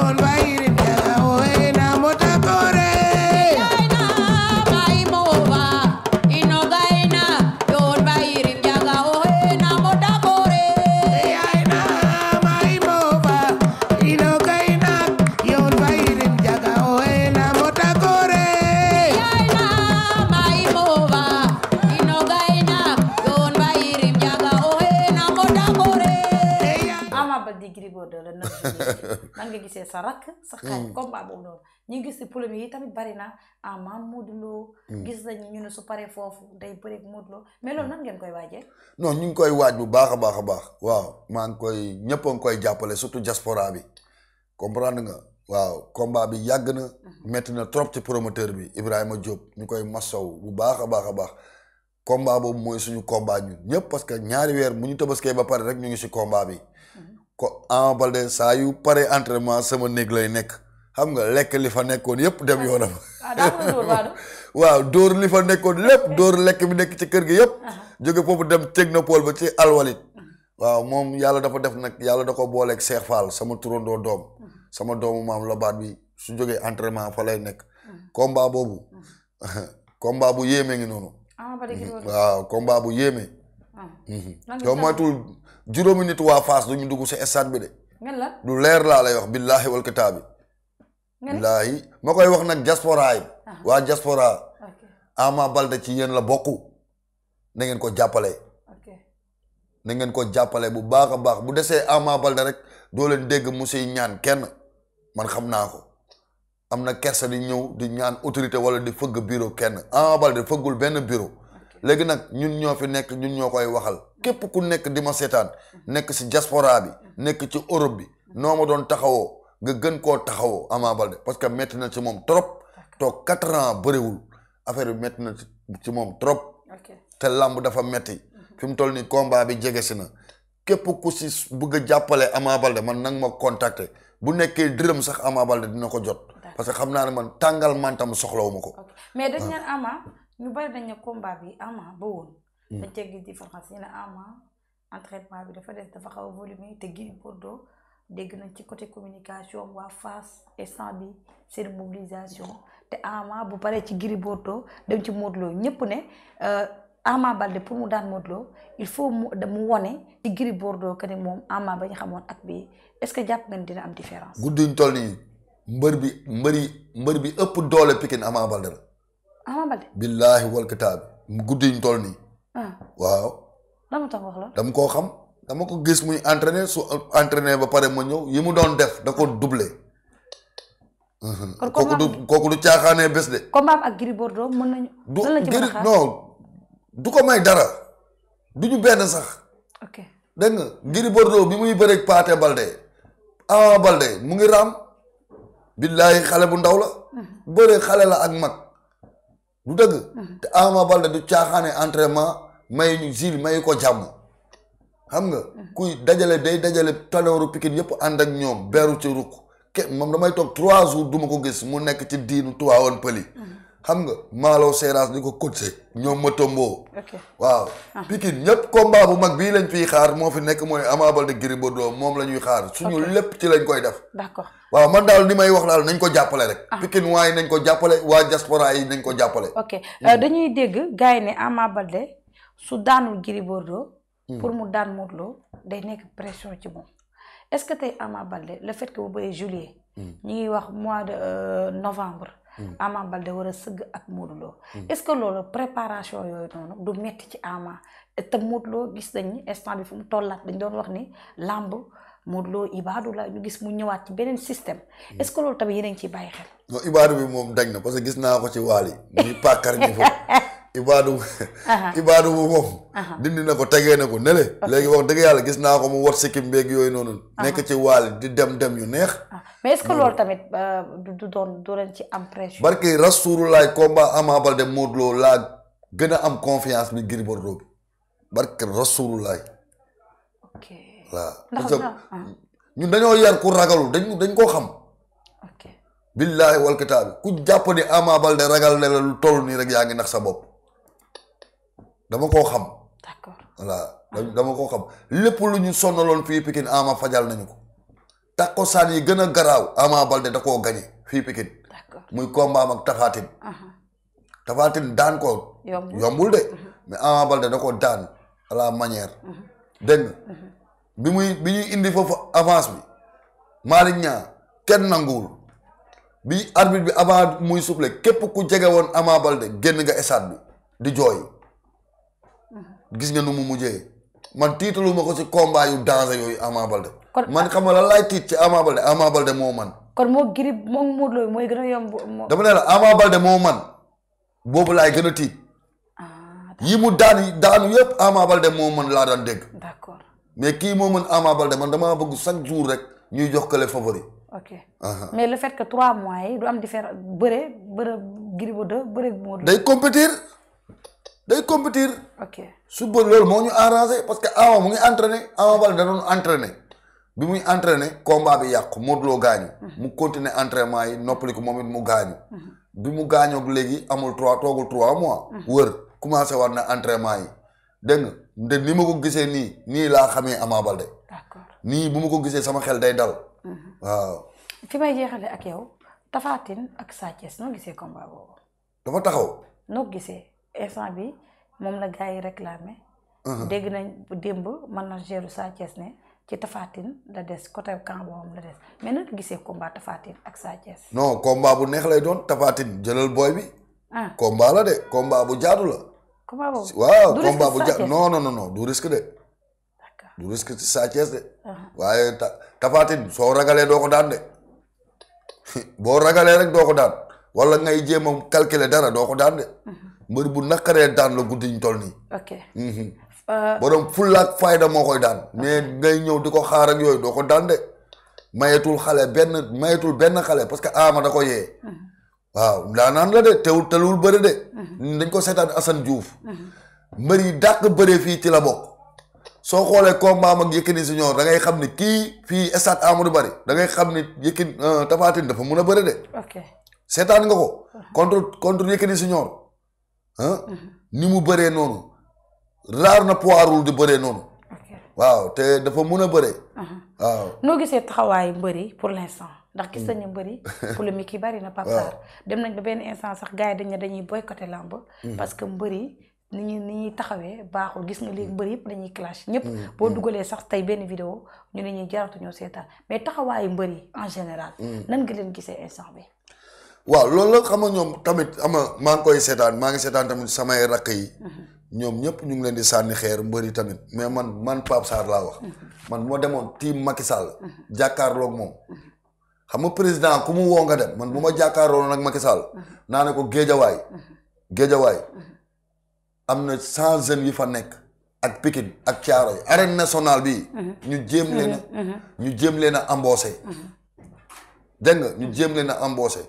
on waiting. sa rakk sa xarit mm. combat boobu ñu gis si polémique yi tamit bari na ah, ama mm. gis nañu ñu ne su paree foofu day bëreeg Modou Lo mais mm. koy waajee non ñu ngi koy waaj bu baax a baax a baax waaw maa ngi koy ñëpp a ngi koy jàppale surtout diaspora bi comprendre nga waaw combat bi yàgg na mm-hmm. mettina trop ci promoteur bi Ibrahima Diop ñu koy masaw bu baax a baax a baax combat boobu mooy suñu combat ñun ñëpp parce que ñaari weer bu ñu tabaskee ba pare rek ñu ngi si combat bi ko Ama Baldé saa yu pare entraînement sama néeg lay nekk xam nga lekk li fa nekkoon yëpp dem yoonam ah, waaw dóor li fa nekkoon lépp dóor lekk bi nekk ci kër gi yëpp jóge foofu dem na technopole ba ci alwalit waaw moom yàlla dafa def nag yàlla da ko booleek Cheikh Fall sama turandoo doom sama doomu maam la baat bi su jógee entraînement fa lay nekk combat boobu combat bu yéeme ngi noonu waaw combat bu yéeme ah. mhm. yow matul juróomi nit waa Fass duñu dugg si stade bi de. ngeen lu leer laa lay wax billaahi wal kitaabi. billaahi ma koy wax nag diaspora yi. Ah. waa diaspora. Ama Balde ci yéen la bokk na ngeen ko jàppale. na ngeen ko jàppale bu baax a baax bu desee Ama Balde rek doo dégg mu siy ñaan kenn man xam naa ko am na kersa di ñëw di ñaan autorité wala di fëgg bureau kenn Ama Balde fëggul benn bureau. léegi nag ñun ñoo fi nekk ñun ñoo koy waxal képp ku nekk di ma seetaan nekk si diaspora bi nekk ci Europe bi noo ma doon taxawoo nga gën koo taxawoo Ama Baldé parce que métti na ci moom trop toog quatre ans bëriwul affaire bi métti na ci moom trop te làmb dafa metti mhm. fi mu toll nii combat bi jege si na képp ku si bëgg jàppale Ama Baldé man nag ma contacter bu nekkee dërëm sax Ama Baldé dina ko jot parce que xam naa ne man tàngal mantam soxlawuma ko mais dañ ñu bari dañ ne combat bi Ama ba woon. Hmm. dañ cee gis différence ñu ne Ama entraînement bi dafa des dafa xaw a volumé te Gris Bordeaux dégg nañ ci côté communication waa face et sans bi seen mobilisation te Ama bu paree ci Gris Bordeaux dañ ci Modou Lo ñëpp ne euh, Ama Baldé pour mu daan Modou il faut mu mu wone ci Gris Bordeaux que ne moom Ama ba ñu xamoon ak bi est-ce que jàpp ngeen dina am différence. guddi ñu toll nii mbër bi mbër mbër bi ëpp doole Pikine Ama Baldé Ama Baldé. billaahi wal kitaabi guddi yi ñu toll nii. Ah. waaw. dama tax wax la. dama koo xam dama ko gis muy entraîner su entraîner ba pare ma ñëw yi mu doon def da ko doublé. kon kooku du kooku du caaxaanee bés de. ko may dara du ñu benn sax. ok dégg nga Gris Bordeaux bi muy bëreeg Pathé Baldé Ama Baldé mu ngi raam. billaahi xale bu ndaw la. bëre xale la ak mag. lu dëgg. Mhm. te Ama Baldé du caaxaane entraînement may ñu zil may ko jàmm. xam nga mhm. kuy dajale day dajale tanooru Pikine yëpp ànd ak ñoom beru ci ruq ke moom damay toog trois jours duma ko gis mu nekk ci diinu tuwaawoon pëli xam nga Malo Seras di ko coaché ñoom ma tomboo waaw ah. Pikine ñëpp combat bu mag bii lañ fiy xaar moo fi nekk mooy am Ama Baldé Gris Bordeaux moom la ñuy xaar ñu lépp ci lañ koy def d'accord waaw man daal li may wax daal nañ ko jàppale rek ah. Pikine waa yi nañ ko jàppale waa diaspora yi nañ ko jàppale ok hmm. euh, dañuy dégg gars yi ne Ama Baldé su daanul Gris Bordeaux hmm. pour mu daan Modou Lo day nekk pression ci moom est-ce que tey Ama Baldé le fait que bu bëyee juillet hmm. ñu ngi wax mois de euh, novembre Mm. Ama Balde war a sëgg ak Modou Lo mm. est-ce que loolu préparation yooyu noonu du metti ci Ama te Modou Lo gis nañ instant bi fu mu tollaat dañ doon wax ni lamb Modou Lo ibaadu la ñu gis mu ñëwaat ci beneen système mm. est-ce que loolu tamit yéen a ciy bàyyi xel. non ibaadu bi moom dañ na parce que gis naa ko ci waal yi muy pàkkar ñi foofu Ibadou. Ibadou bu moom. dindi na ko tegee na ko nele. léegi wax dëgg yàlla gis naa ko mu wat sikkim beeg yooyu noonu. nekk ci waal di dem dem yu neex. Ah. mais est-ce loolu tamit euh, du doon du leen ci am pression. barke Rasulullah combat Ama Baldé laa gën a am confiance bi Gris Bordeaux bi barke ndax ah. ñun dañoo yar ku ragalul dañ dañ koo xam. ok billaahi wal ku jàpp ni Ama Baldé ragal ne la lu toll nii rek yaa ngi nax sa bopp. dama koo xam. d'accord voilà dama koo xam lépp lu ñu sonnaloon fii Pikine Ama fajal nañu ko takkusaan yi gën a garaaw Ama Baldé da koo gañe fii Pikine. muy combat am ak Tapha Tine. Uh-huh. daan ko. yombul de uh-huh. mais Ama Baldé da koo daan à la manière. Uh-huh. bi muy bi ñuy indi foofu avance bi Malick Niang kenn nanguwul bi arbitre bi avant muy soufflé képp ku jege woon Ama Baldé génn nga estade bi di jooy. gis nga nu mu mujjee man tiitalu ma ko si combat yu danger yooyu Ama Balde. man xam nga lan laay tiit ci Ama Balde Ama Balde moo man. kon moo Gris moo a yomb. dama ne la Ama Balde moo man boobu laay gën a tiit. Ah, yi mu daan daanu yëpp Ama Balde moo mën laa daan dégg. d'accord mais kii moo mën Ama Balde man damaa bëgg chaque jour rek ñuy jox kële favori. ok mais le fait que trois mois yi du am différence bëre bëre Gris Bordeaux bëre Modou Lo. day compétir. day compétir. su suba loolu moo ñu arrangé parce que Ama mu ngi entraîné Ama Baldé da doon entraîné bi muy entraîné combat bi yàqu Modou Lo gaañu. Mhm. mu continuer entraînement yi noppaliku moom it mu gaañu. Mhm. bi mu gaañoo léegi amul trois toogul trois mois. Mhm. wër commencé war na entraînement yi dégg nga ni ma ko gisee nii nii laa xamee Ama bale d'accord nii bu ma ko gisee sama xel day dal. waaw. fi may jeexalee ak yow Tapha ak Sa Thiès noo gisee combat boobu. dafa taxaw. noo instant bi moom la gars yi réclamé. Uh-huh. dégg nañ démb manageru Sa Thiès ne ci Tafatine la des côté camp boobu la des mais nan gisee combat Tafatine ak Sa Thiès. non combat bu neex lay doon Tafatine jëlal booy bi. ah combat la de combat bu jaadu la. combat boobu bu jaadu non non non du risque de. du risque ci Sa Thiès de. Uh-huh. waaye ta soo ragalee doo ko daan de boo ragalee rek doo ko daan wala ngay jéem a dara doo ko daan de. Uh-huh. mbër bu naqaree daan la guddi ñu toll nii. ok. Mhm. Euh, borom fullaak fayda moo koy daan. mais ngay ñëw di ko xaar ak yooyu doo ko daan de. mayetul xale benn mayetul benn xale parce que ama da ko yee. Mhm. waaw daanaan la de te teewul bëri de. Mhm. dañ ko seetaan Assane Diouf. mbër yi dàq bëree fii ci la bokk. soo xoolee combat am Yékini Junior da ngay xam ni kii fii stade Amadou Barry da ngay xam ni Yékini euh, Tapha dafa mun a bëri de. seetaan nga ko. contre contre si Junior ah ni mu bëree noonu raar na poirul di bëree noonu. waaw te dafa mun a bëree. Mhm. waaw noo gisee taxawaayu mbëri pour l'instant ndax gis mm. nañu mbëri polémique yi bari na. waaw dem nañ ba benn instant sax gars yi dañ ne dañuy boycotter làmb. Mm. parce que mbëri ni ñuy ni ñuy taxawee baaxul gis nga léegi mm. mbëri yëpp dañuy clash. ñëpp boo dugalee sax tey benn vidéo ñu ne ñuy jaratu ñoo seetaan mais taxawaayu mbëri en général. nan gi leen gisee instant bi. waaw loolu la xam nga ñoom tamit ama maa ngi koy seetaan maa ngi seetaan tamit samay rakk yi mm-hmm. ñoom ñëpp ñu ngi leen di sànni xeer mbëri tamit mais man man Pape Sarr laa wax mm-hmm. man moo demoon team Macky Sall mm-hmm. jàkkaarloog moom xam nga président ku mu woo nga dem man bu ma jàkkaarloo nag Macky Sall naa ne ko géejawaay géejawaay am na cent jeunes yi fa nekk ak Pikine ak caaro Thiaroye arène nationale bi ñu jéem leen ñu jéem leen a embauché dégg nga ñu jéem leen a embauché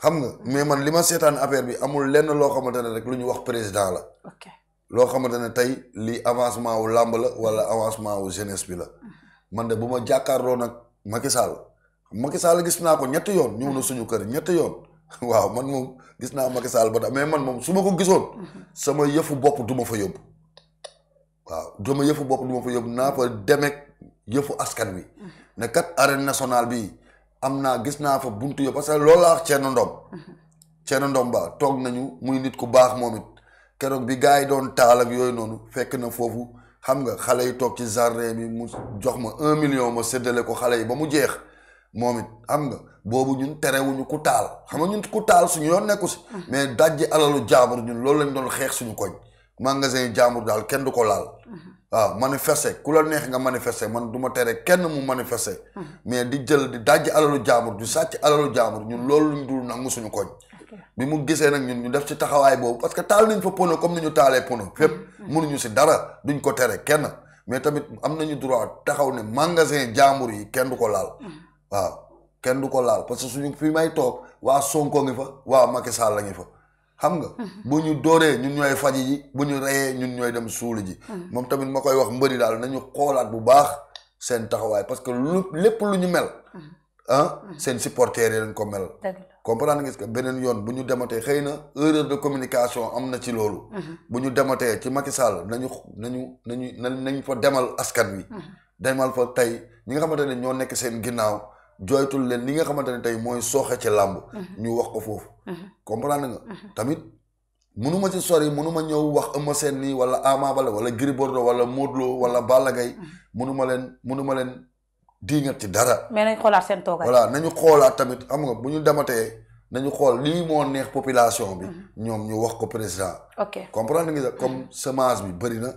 xam nga mais man li ma seetaan affaire bi amul lenn loo xamante ne rek lu ñu wax président la. loo xamante ne tey lii avancement wu làmb la wala avancement wu jeunesse la. Mhm. man de bu ma jàkkaarloo nag Macky Sall Macky Sall gis naa ko ñetti yoon ñëw na mhm. suñu kër ñetti yoon waaw man moom gis naa Macky Sall ba tax mais man moom su ma ko gisoon mhm. sama yëfu bopp du ma fa yóbbu waaw sama yëfu bopp du ma fa yóbbu naa fa demek yëfu askan wi ne kat arène bi am naa gis naa fa buntu yo parce que loolu laa wax Thierno Ndom Thierno ba toog nañu muy nit ku baax moom it keroog bi gaa yi doon taal ak yooyu noonu fekk na foofu xam nga xale yi toog ci jardin bi mu jox ma un million ma seddale ko xale yi ba mu jeex moom it xam nga boobu ñun terewuñu ku taal xam nga ñun ku taal suñu yoon nekku si mais dajji alalu jaambur ñun loolu lañ doon xeex suñu koñ magasin jaambur daal kenn du ko laal waaw manifester ku la neex nga manifester man du ma tere kenn mu manifester. Hmm. mais di jël di dajji alalu jaamur du sàcc alalu jaamur ñun loolu ñu dul nangu suñu koñ. bi mu gisee nag ñun ñu def ci taxawaay boobu parce que taal nañ fa pono comme ni ñu taalee pono fépp. Hmm. Hmm. mënuñu si dara duñ ko tere kenn mais tamit am nañu droit taxaw ne magasin jaamur yi kenn du ko laal. waaw kenn du ko laal parce que suñu fi may toog waa Sonko ngi fa waa Macky saal la ngi fa. xam nga bu ñu dooree ñun ñooy faji yi bu ñu reyee ñun ñooy dem suuli ji ah. moom tamit ma koy wax mbëri daal nañu xoolaat bu baax seen taxawaay parce que lu lépp lu ñu mel ah. Ah, seen supporters yi lañ ko mel comprendre ngis que beneen yoon bu ñu dematee xëy na erreur de communication am na ci loolu bu ñu dematee ci Macky Sall nañu nañu nañu nañ fa demal askan wi demal fa tey ñi nga xamante ne ñoo nekk seen ginnaaw jooytul leen li nga xamante ne tey mooy sooxe ci làmb uh-huh. ñu wax ko foofu uh-huh. comprendre nga uh-huh. tamit mënu ma ci sori mënu ñëw wax Eumeu seen nii wala Ama Baldé wala Gris Bordeaux wala Modou Lô wala Balla mënu ma leen mënu ma leen diingat ci dara mais nañu xoolaat seen toogaay voilà nañu xoolaat tamit xam nga bu ñu dematee nañu xool lii moo neex population bi ñoom ñu wax ko président ok comprendre nga comme semence bi bëri na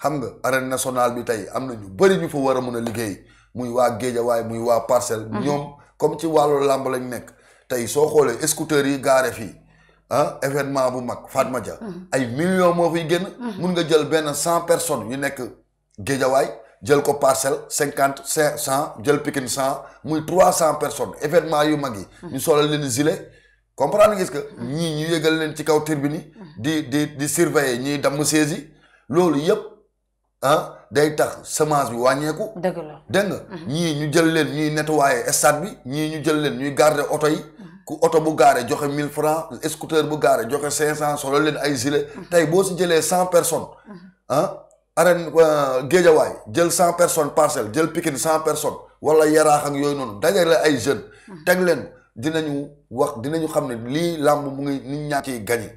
xam nga arène nationale bi tey am na ñu bëri ñu fa war a mën a liggéey muy waa Géejawaay muy waa Parcelles. Mhm. ñoom comme ci wàllu làmb lañ nekk. tey soo xoolee scooters yi gaare fii ah événement bu mag faat ma Dia. Mhm. ay millions moo fiy génn. Mhm. mun nga jël benn cent personnes yu nekk Géejawaay jël ko Parcelles cinquante cinq cent jël Pikine cent muy trois cent personnes événement yu mag yi. ñu solal leen gilet comprendre nga gis que ñii ñu yëgal leen ci kaw tribune yi. di di di surveiller ñiy damm saisi loolu yëpp. ah day tax semence bi wàññeeku. dëgg mm-hmm. ñii ñu jël leen ñuy nettoyer stade bi ñii ñu jël leen ñuy garder oto yi. Mm-hmm. ku oto bu gaare joxe mille francs scooter bu gaare joxe 500 solo leen ay gilet. Mm-hmm. tey boo si jëlee 100 personnes. ah arène euh, géejawaay jël 100 personnes parcelle jël Pikine 100 personnes wala yaraax ak yooyu noonu dajale ay jeunes. teg leen dinañu wax dinañu xam ne lii làmb mu ngi nit ñaa ciy yi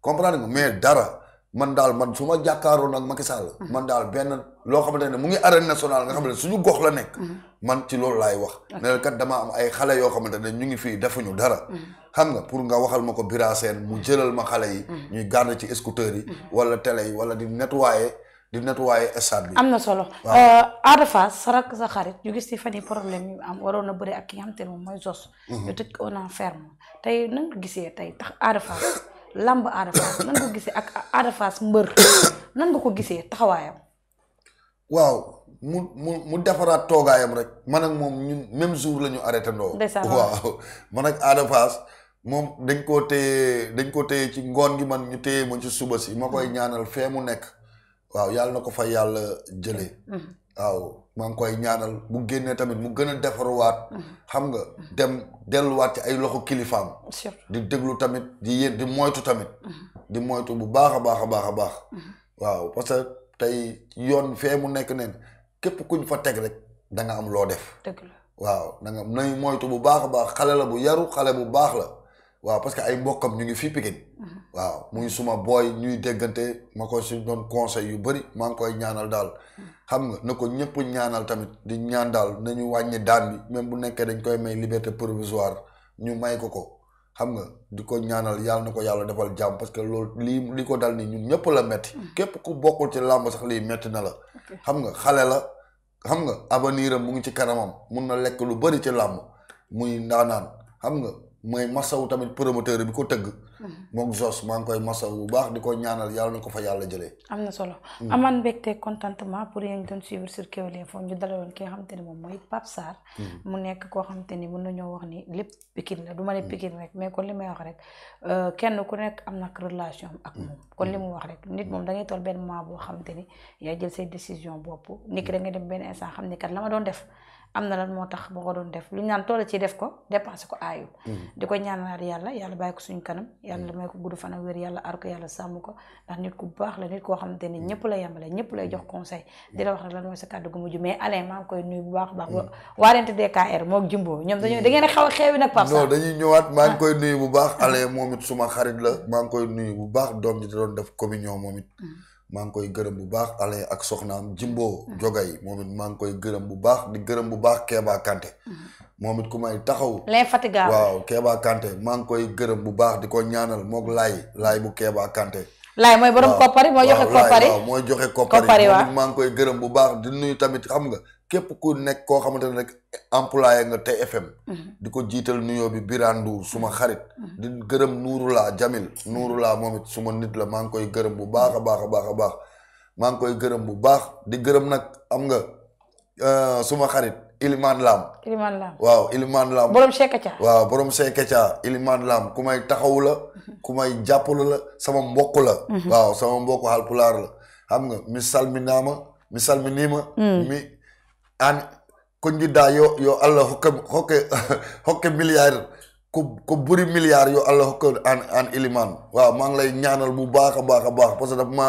comprendre mais dara. man daal man su ma jàkkaaroon ak Macky Sall mhm. man daal benn loo xamante ne mu ngi arène nationale nga xam ne su ñu gox la nekk mhm. man ci loolu laay wax ne kat dama am ay xale yoo xamante ne ñu ngi fii defuñu dara mhm. xam nga pour nga waxal ma ko bira seen mu jëlal ma xale yi ñuy gànn ci scooters yi wala télé yi wala di nettoyer di nettoyer stade am na solo euh, Ada Fass sa rakk sa xarit ñu gis ci fan yi problème yu am waroon na bëri ak ki nga xamante ne moom mooy Zoss ñu tëj na gisee tey tax làmb Ada nan ko gisee ak Ada mbër nan nga ko gisee taxawaayam. waaw mu mu mu defaraat toogaayam rek man ak moom ñun même jour la ñu arrêté ndoo. waaw man ak Ada moom dañ koo téye dañ ko téye ci ngoon gi man ñu téye ma ci suba si ma koy ñaanal fee mu nekk waaw yàlla na ko fa yàlla jële mm-hmm. waaw maa ngi koy ñaanal bu génnee tamit mu gën a defaruwaat. xam nga dem delluwaat ci ay loxo kilifaam. di déglu tamit di yé di moytu tamit. di moytu bu baax a baax a baax a baax. waaw parce que tey yoon fee mu nekk neen képp kuñ fa teg rek danga am loo def. waaw da nga nay moytu bu baax a baax xale la bu yaru xale bu baax la. waaw parce que ay mbokkam ñu ngi fii Pikine mhm. waaw muy suma booy ñuy déggante ma ko si doon conseil yu bëri maa ngi koy ñaanal daal mhm. xam nga na ko ñëpp ñaanal tamit di ñaan daal nañu wàññi daan bi même bu nekkee dañ koy may liberté provisoire ñu may ko ko xam nga di ko ñaanal yàlla na ko yàlla defal jàmm parce que loolu lii li ko dal ni ñu ñëpp la metti mhm. képp ku bokkul ci làmb sax lii metti na la xam nga xale la xam nga avenir mu ngi ci kanamam mun na lekk lu bëri ci làmb muy ndaanaan mooy masawu tamit promoteur bi ko tëgg. Hmm. moom Zos maa ngi koy masawu bu baax di ko ñaanal yàlla na ko fa yàlla jëlee. am na solo. Hmm. amaan mbégte contentement pour yéen doon suivre sur Kewel Info ñu dalaloon ki nga xamante ni moom mooy Pape Sarr. Hmm. mu nekk koo xamante ni mën nañoo wax ni lépp Pikine du ma ne Pikine rek mais kon li may wax rek euh, kenn ku nekk am na relation ak moom. kon li mu wax rek nit moom da ngay toll benn moment boo xamante ni yaa jël say décision bopp nit ki da dem benn instant xam ne kat la ma doon def. am na lan moo tax moo ko doon def lu ñu naan toll ci def ko dépensé ko aayul. Mm-hmm. di ko ñaan ñaanalaat yàlla yàlla bàyyi ko suñu kanam yàlla mm-hmm. may ko gudd fan a wér yàlla aar ko yàlla sàmm ko ndax nit ku baax la nit koo xamante ne mm-hmm. ñëpp la yemale ñëpp lay jox conseil di la wax rek lan mooy sa kàddu gu mujj mais Alain maa ngi koy nuyu bu baax a baax. waarante DKR moog Jumbo ñoom dañoo da ngeen a a xeewi nag. par non ah. bu baax Alain moom it suma xarit la maa ngi koy nuyu bu baax doom ji da doon def communion moom it maa ngi koy gërëm bu baax Alain ak soxnaam Jimbo ah. Jogay moom it maa ngi koy gërëm bu baax di gërëm bu baax Kéba Kanté mm-hmm. moom it ku may taxaw l'infatigable waaw Kéba Kanté maa ngi koy gërëm bu baax di ko ñaanal moog laay laay bu Kéba Kanté laay mooy borom koppari mooy joxe koppari waaw mooy joxe koppari waaw maa ngi koy gërëm bu baax di nuyu tamit xam nga képp ku nekk koo xamante ne rek employé nga TFM. Mhm. di ko jiital nuyoo bi Birane Ndour suma xarit. Mhm. di gërëm Nouroullah Jamil mhm. Nouroullah moom it suma nit la maa ngi koy gërëm bu baax a baax a baax a baax maa ngi koy gërëm bu baax di gërëm nag am nga euh, suma xarit Iliman Lam. Iliman Lam waaw Iliman Lam. borom Sekecha waaw borom Sekecha Iliman Lam ku may taxawu la. ku may jàppalu la sama mbokk la. waaw sama mbokk Haalpulaar la xam nga mi salminaama mi salminiima mm. an konjidda yo yo allah hokke hokke hokke milliard ko ko bëri milliard yo allah hokke an an iliman waaw maa lay ñaanal bu baax a baax a baax parce que daf ma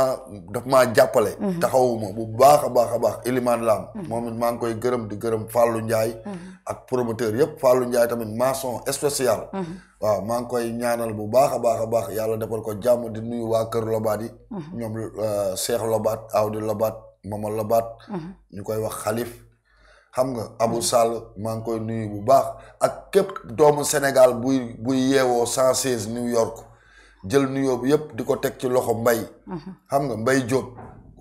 daf maa jàppale mhm. taxawuma bu baax a baax a baax iliman laam mhm. moom it maa ngi koy gërëm di gërëm Fallou Ndiaye mhm. ak promoteur yëpp Fallou njaay tamit maçon spécial waaw maa ngi koy ñaanal bu baax a baax a baax yàlla defal ko jàmm di nuyu waa kër lobaat yi ñoom euh, Cheikh Lobaat Awdi Lobaat Mama Lobaat ñu koy wax xalif xam nga Abou Sall maa ngi koy nuyu bu baax ak képp doomu Sénégal buy buy yeewoo 116 New York jël nuyoo bi yëpp di ko teg ci loxo Mbaye. Mhm. xam nga mbay Diop.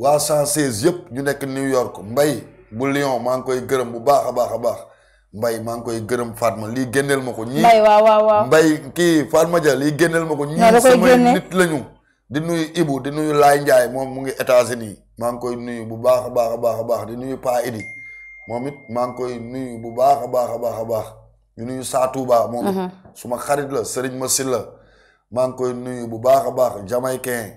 waa 116 yëpp ñu nekk New York mbay bu Lyon maa ngi koy gërëm bu baax a baax a baax Mbaye maa ngi koy gërëm Fatma lii génneel ma ko. ñii Mbaye waaw waaw waaw Mbaye lii génneel ma ko. ñii samay nit lañu di nuyu Ibou di nuyu Laay Ndiaye moom mu ngi États-Unis maa ngi koy nuyu bu baax a baax a baax di nuyu Paa Idi. moom it koy nuyu bu baax a baax a baax a baax ñu nuyu Saatuba moom it uh-huh. suma xarit la Sëriñ Masil la maa ngi koy nuyu bu baax a baax Jamaïcain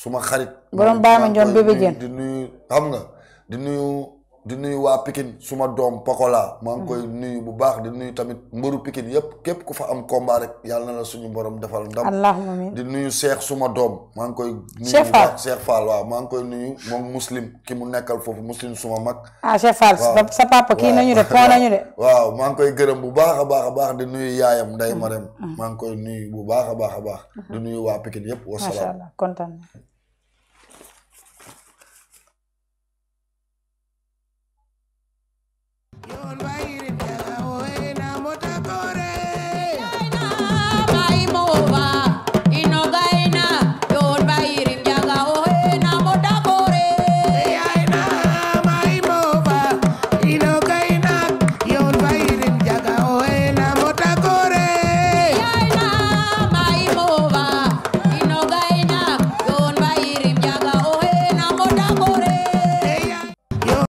suma xarit borom baa ma njoon bébé jën di nuyu xam nga di nuyu di nuyu waa Pikine suma doom Pokola. maa ngi koy mm. nuyu bu baax di nuyu tamit mbëru Pikine yëpp képp ku fa am combat rek yàlla na la suñu borom defal ndam. di nuyu Cheikh suma doom. maa ngi koy. Cheikh maa ngi koy nuyu moom muslim ki mu nekkal foofu muslim suma mag. ah Cheikh waaw maa ngi koy gërëm bu baax a baax a baax di nuyu yaayam Ndeye mm. Marème. Mm. maa ngi koy nuyu bu baax a baax a baax. Mm-hmm. di nuyu waa Pikine yëpp wasalaam. kontaan